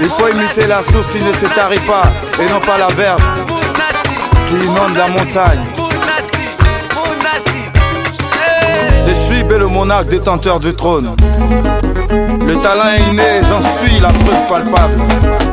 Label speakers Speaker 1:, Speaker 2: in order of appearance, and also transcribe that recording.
Speaker 1: Il faut imiter la source qui ne s'étarit
Speaker 2: pas et non
Speaker 3: pas la verse qui inonde la montagne. Je suis le monarque détenteur du trône. Le talent est inné, j'en suis la preuve palpable.